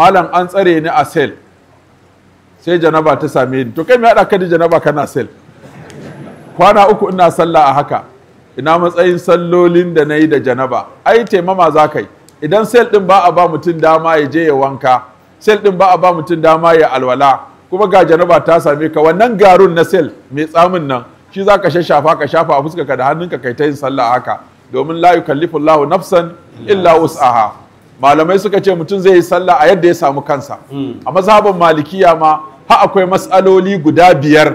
malam an tsare ni a sel sai janaba ta same ni to kai me haɗa ka da janaba kana sel kwana uku ina sallah a haka ina matsayin sallolin da na yi da janaba ai taimama za kai. idan sel ɗin ba a ba mutum dama ya je ya wanka sel ɗin ba a ba mutum dama ya alwala kuma ga janaba ta same ka wannan garun na sel mai tsamin nan shi za ka shafa ka shafa a ka da hannunka kai ta yin sallah haka domin la yukallifullahu nafsan illa wus'aha malamai suka ce mutum zai yi sallah a yadda ya samu kansa a mazhabin malikiya ma ha akwai matsaloli guda biyar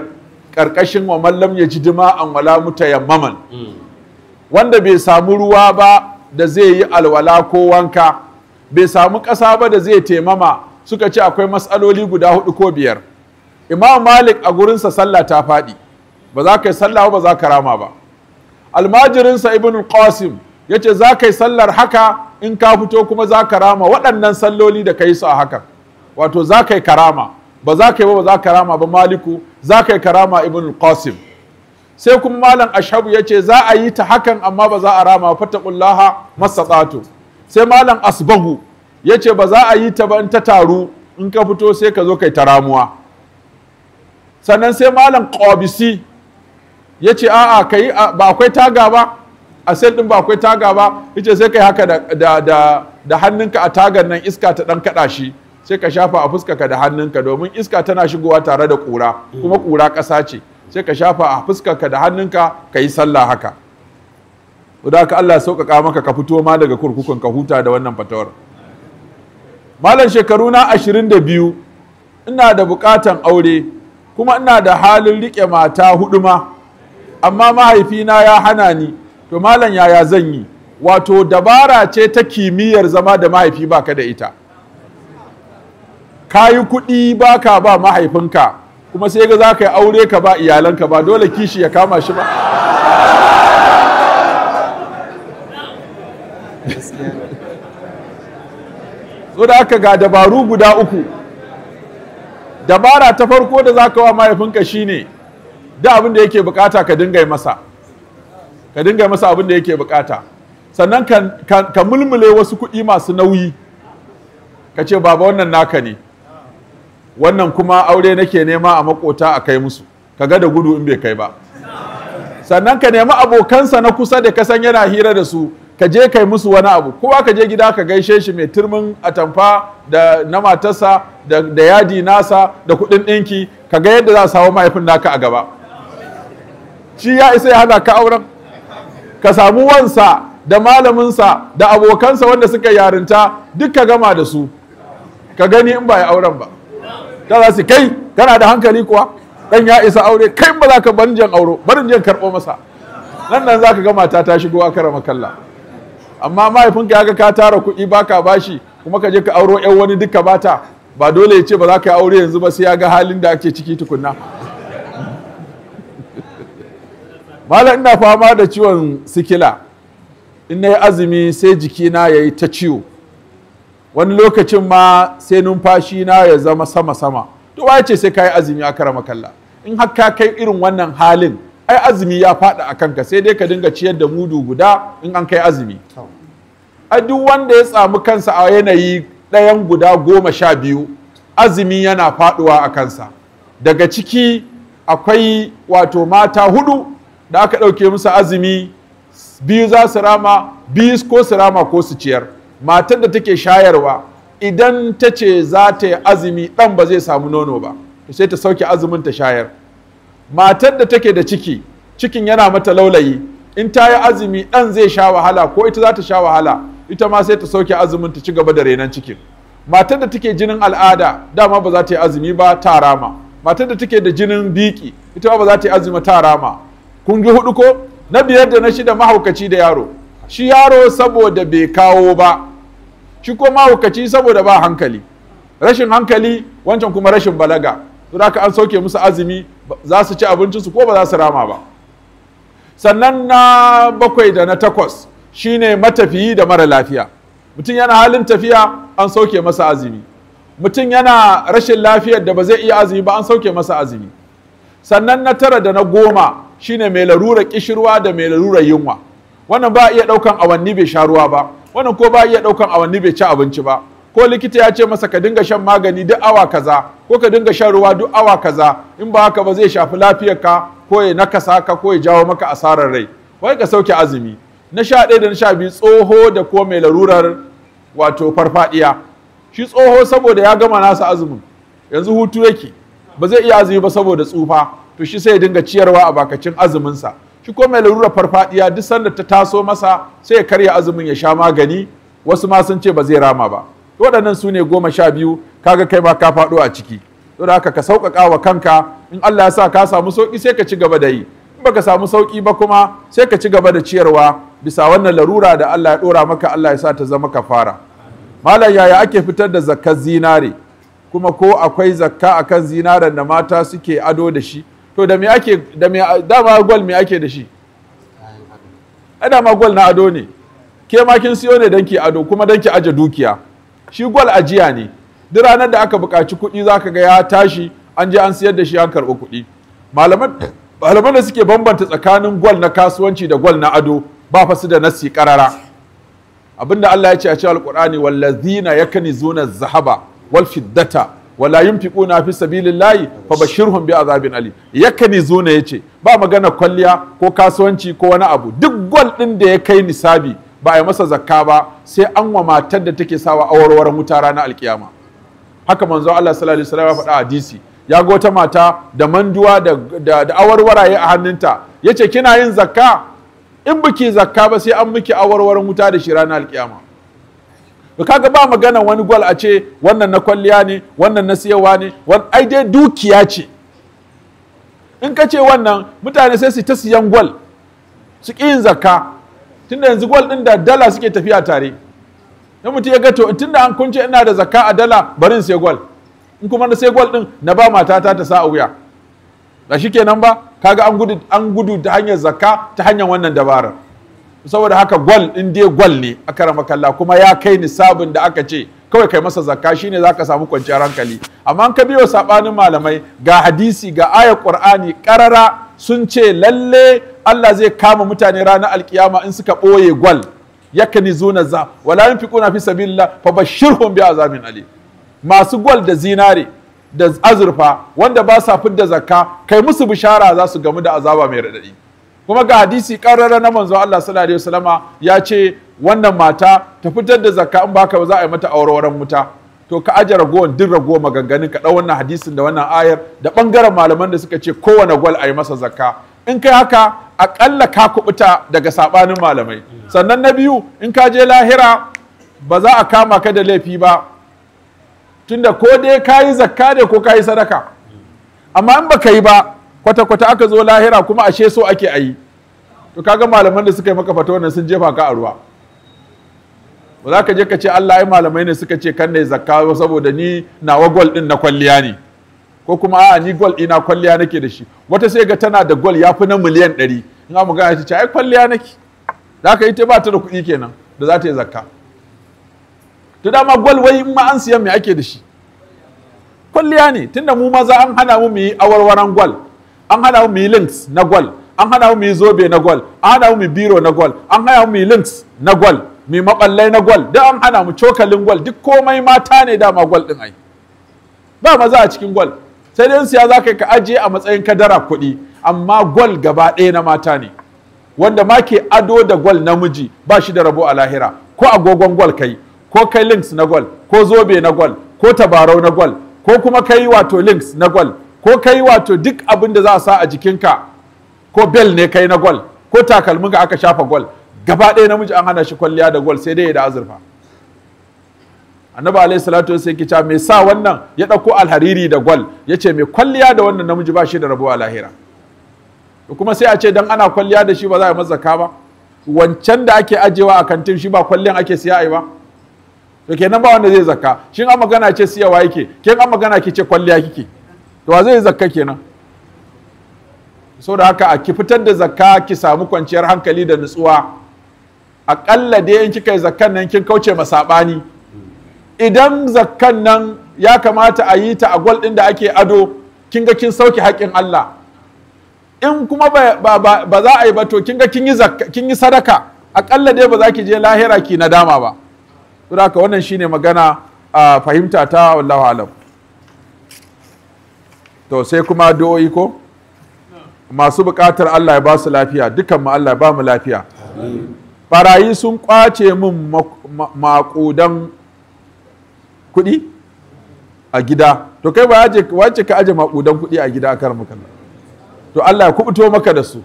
karkashin wa mallam ya ji dima an wala mutayammaman wanda bai samu ruwa ba da zai yi alwala ko wanka bai samu ƙasa ba da zai taimama suka ce akwai matsaloli guda hudu ko biyar imam malik a gurinsa sallah ta faɗi ba za ka yi sallah ba za ka rama ba almajirinsa ibn qasim ya ce za ka yi sallar haka in ka fito kuma za ka rama waɗannan salloli da ka yi su a hakan wato za ka yi karama ba za ka yi ba za ka rama ba maliku za ka yi karama ibn qasim sai kuma malam ashabu ya ce za a yi ta hakan amma ba za a rama ba fatakullaha masatsatu sai malam asbahu ya ce ba za a yi ta ba in ta taru in ka fito sai ka zo kai ta ramuwa sannan sai malam qabisi ya ce a'a kai ba akwai taga ba a sel din ba akwai taga ba yace sai kai haka da da da hannunka a tagar nan iska ta dan kada shi sai ka shafa a ka da hannunka domin iska tana shigowa tare da kura kuma kura kasa ce sai ka shafa a ka da hannunka ka yi sallah haka da ka Allah sauƙaƙa maka ka fito ma daga kurkukun ka huta da wannan fatawar malam shekaru na ashirin da biyu ina da buƙatan aure kuma ina da halin riƙe mata hudu ma amma mahaifina ya hana ni to malam yaya zan yi wato dabara ce ta kimiyyar zama da mahaifi baka da ita ka yi kuɗi baka ba mahaifinka kuma sai ga za ka yi aure ka ba iyalanka ba dole kishi ya kama shi ba so da aka ga dabaru guda uku dabara ta farko da za ka wa mahaifinka shine da abin da yake bukata ka dinga masa ka dinga masa abin da yake bukata sannan ka mulmule wasu kuɗi masu nauyi ka ce baba wannan naka ne wannan kuma aure nake nema a makota a kai musu ka ga da gudu in bai kai ba sannan ka nemi abokansa na kusa da kasan yana hira da su ka je kai musu wani abu kowa ka je gida ka gaishe shi mai turmin atamfa da na matarsa da, yadi nasa da kuɗin ɗinki ka ga yadda za su hawa mahaifin naka a gaba shi ya isa ya hana ka auren ka samu wansa da malaminsa da abokansa wanda suka yarinta duk ka gama da su ka gani in ba ya auren ba ta za su kai kana da hankali kuwa ɗan ya isa aure kai ba za ka barin jan auro barin jan karɓo masa nan nan za ka gama ta ta shigo a kara makalla amma mahaifinka ya ga ka tara kuɗi baka bashi kuma ka je ka auro yan wani duka bata ba dole ya ce ba za ka yi aure yanzu ba sai ya ga halin da ake ciki tukunna malam ina fama da ciwon sikila in na yi azumi sai jikina ya yi ta ciwo wani lokacin ma sai numfashi na ya zama sama-sama to waye ce sai ka yi azumi a karama kalla in har ka kai irin wannan halin ai azumi ya faɗa a kanka sai dai ka dinga ciyar da mudu guda in an kai azumi a duk wanda ya samu kansa a yanayi ɗayan guda goma sha biyu azumi yana faɗuwa a kansa daga ciki akwai wato mata hudu da aka ɗauke musu azumi biyu za su rama biyu ko su rama ko su ciyar matar da take shayarwa idan ta ce za ta yi azumi ɗan ba zai samu nono ba to sai ta sauke azumin ta shayar matar da take da ciki cikin yana mata laulayi in ta yi azumi ɗan zai sha wahala ko ita za ta sha wahala ita ma sai ta sauke azumin ta ci gaba da renon cikin matar da take jinin al'ada dama ba za ta yi azumi ba ta rama matar da take da jinin biki ita ma ba za ta yi azumi ta rama kun ji hudu ko na biyar da na shida mahaukaci da yaro shi yaro saboda bai kawo ba shi ko mahaukaci saboda ba hankali rashin hankali wancan kuma rashin balaga don haka an sauke musu azumi za su ci abincinsu ko ba za su rama ba sannan na bakwai da na takwas shine matafiyi da mara lafiya mutum yana halin tafiya an sauke masa azumi mutum yana rashin lafiyar da ba zai iya azumi ba an sauke masa azumi sannan na tara da na goma shine mai larura kishirwa da mai larura yunwa wannan ba iya daukan awanni bai sha ruwa ba wannan ko ba iya daukan awanni bai ci abinci ba ko likita ya ce masa ka dinga shan magani duk awa kaza ko ka dinga shan ruwa duk awa kaza in ba haka ba zai shafi lafiyarka ko ya nakasa ka ko ya jawo maka asarar rai wai ka sauke azumi na sha ɗaya da na sha biyu tsoho da ko mai larurar wato farfadiya shi tsoho saboda ya gama nasa azumin yanzu hutu yake ba zai iya azumi ba saboda tsufa to shi sai ya dinga ciyarwa a bakacin azuminsa shi ko mai larura farfadiya duk sanda ta taso masa sai ya karya azumin ya sha magani wasu ma sun ce ba zai rama ba to waɗannan su ne goma sha biyu kaga kai ma ka faɗo a ciki to da haka ka sauƙaƙa wa kanka in Allah ya sa ka samu sauƙi sai ka ci gaba da yi in baka samu sauƙi ba kuma sai ka ci gaba da ciyarwa bisa wannan larura da Allah ya ɗora maka Allah ya sa ta zama kafara malam yaya ake fitar da zakkar zinare kuma ko akwai zakka akan zinaren da mata suke ado da shi to da me ake da me dama gol me ake da shi ai dama gol na ado ne ke ma kin siyo ne danki ado kuma danki ki aje dukiya shi gol ajiya ne duk ranar da aka buƙaci kuɗi zaka ga ya tashi an je an siyar da shi an karɓi kuɗi malaman malaman da suke bambanta tsakanin gol na kasuwanci da gol na ado ba fa su da nasi karara abinda Allah ya ce a cikin alqur'ani wallazina yakunizuna zahaba wal fiddata wala na fi sabilillahi fabashshirhum bi azabin ali yakani ya ce. ba magana kwalliya ko kasuwanci ko wani abu duk gwal din da ya kai nisabi ba a masa zakka ba sai an wa matar da take sawa warwar wuta ranar alkiyama haka manzo Allah sallallahu alaihi wasallam ya faɗa hadisi ya ga wata mata da manduwa da, da, da awarwaraye a hannunta ce kina yin zakka in biki zakka ba sai an miki awarwaran wuta da shi ranar alkiyama to kaga ba magana wani gwal a ce wannan na kwalliya ne wannan na siyarwa ne ai dai dukiya ce in ka ce wannan mutane sai su ta siyan gwal su ƙi yin zakka tunda yanzu gwal ɗin da dala suke tafiya tare in mutum ya ga to tunda an kunce ina da zakka a dala barin in sai gwal in kuma na sai gwal ɗin na ba matata ta sa a wuya ga shi kenan ba kaga an an gudu ta hanyar zakka ta hanyar wannan dabarar saboda haka gwal in dai gwal ne a karama kalla kuma ya kai nisabin da aka ce kawai kai masa zakka shine zaka samu kwanciyar hankali amma ka biyo sabanin malamai ga hadisi ga ayar qur'ani karara sun ce lalle Allah zai kama mutane ranar alkiyama in suka boye gwal yakanizuna za wala yunfiquna fi sabilillah fabashshirhum bi azabin ali masu gwal da zinare da azurfa wanda ba sa fidda zakka kai musu bishara za su gamu da azaba mai radadi kuma ga hadisi karara na manzo Allah sallallahu alaihi wasallama ya ce wannan mata ta fitar da zakka in baka ba za a yi mata auren wuta to ka ajara ragowar duk ragowar maganganun ka ɗau wannan hadisin da wannan ayar da ɓangaren malaman da suka ce kowane gwal a yi masa zakka in kai haka aƙalla ka kubuta daga saɓanin malamai sannan na biyu in ka je lahira ba za a kama ka da laifi ba tunda ko dai ka yi zakka ne ko ka yi sadaka amma in baka yi ba kwata-kwata aka zo lahira kuma ashe so ake a yi to kaga malaman da suka yi maka fata wannan sun jefa ka a ruwa ba za ka je ka ce Allah ai malamai ne suka ce kan ne zakka saboda ni nawa gol din na kwalliya ne ko kuma a'a ni gol ina kwalliya nake da shi wata sai ga tana da gol yafi na miliyan 100 in mu ga ta ce ai kwalliya nake za ka yi ta ba ta da kuɗi kenan da za ta yi zakka to dama gol wai in ma an siyan me ake da shi kwalliya ne tunda mu maza an hana mu mu yi awarwaran gwal an hana mu yi links na gwal an hana mu yi zobe na gwal an hana mu yi biro na gwal an hana mu yi links na gwal mu yi maɓallai na gwal duk an hana mu cokalin gwal duk komai mata ne dama gwal ɗin ai ba maza a cikin gwal sai dai siya za ka ajiye a matsayin kadara kuɗi amma gwal gaba ɗaya na mata ne wanda ma ke ado da gwal namiji ba shi da rabo a lahira ko agogon gwal kai ko kai links na gwal ko zobe na gwal ko tabarau na gwal ko kuma kai wato links na gwal ko kai wato duk abin da za a sa a jikinka ko bel ne kai na gol ko takalmin aka shafa gol gaba ɗaya namiji an hana shi kwalliya da gol sai dai ya da azurfa annabi alayhi salatu wasallam yake me sa wannan ya dauko alhariri da gol yace me kwalliya da wannan namiji ba shi da rabuwa lahira kuma sai a ce dan ana kwalliya da shi ba za a mazaka ba wancan da ake ajewa a kantin shi ba kwalliyan ake siya ai ba to kenan ba wanda zai zakka shin an magana ce siyawa yake kin an magana ki ce kwalliya kike to zai yi zakka kenan da haka a ki fitar da zakka ki samu kwanciyar hankali da nutsuwa aƙalla dai in kika yi zakkan nan kin kauce ma saɓani idan zakkan nan ya kamata a yi ta a gwal ɗin da ake ado kin ga kin sauke haƙƙin Allah in kuma ba za a yi ba to kin ga kin yi sadaka aƙalla dai ba za ki je lahira ki nadama ba. Saboda haka wannan shine magana a fahimta ta wallahu alam. to sai kuma addu'o'i ko masu bukatar Allah ya ba su lafiya dukan mu Allah ya ba mu lafiya barayi sun kwace min maƙudan kuɗi a gida to kai wace ka aje maƙudan kuɗi a gida a karan to Allah ya kubuto maka da su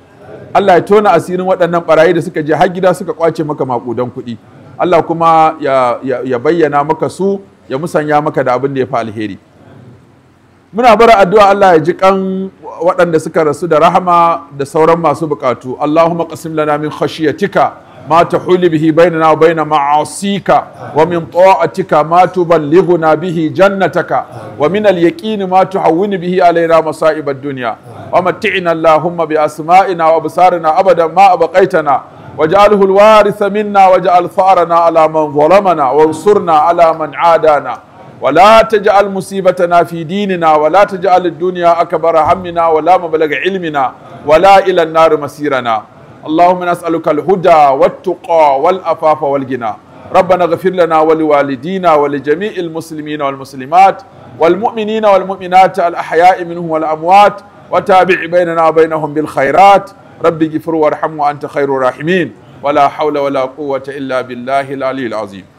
Allah ya tona asirin waɗannan barayi da suka je har gida suka kwace maka maƙudan kuɗi Allah kuma ya bayyana maka su ya musanya maka da abin da ya fi alheri muna bar addu'a Allah ya ji kan waɗanda suka rasu da rahama da sauran masu buƙatu Allahuma qasim lana min khashyatika ma tahulu bihi bainana wa baina ma'asika wa min ta'atika ma tuballighuna bihi jannataka wa min al-yaqin ma tuhawwinu bihi alayna masa'ib ad-dunya wa mat'ina Allahumma bi asma'ina wa absarina abadan ma abaqaitana واجعله الوارث منا واجعل ثارنا على من ظلمنا وانصرنا على من عادانا ولا تجعل مصيبتنا في ديننا ولا تجعل الدنيا أكبر همنا ولا مبلغ علمنا ولا إلى النار مسيرنا اللهم نسألك الهدى والتقى والأفاف والغنى ربنا اغفر لنا ولوالدينا ولجميع المسلمين والمسلمات والمؤمنين والمؤمنات الأحياء منهم والأموات وتابع بيننا وبينهم بالخيرات رب اغفر وارحم وأنت خير الراحمين ولا حول ولا قوة إلا بالله العلي العظيم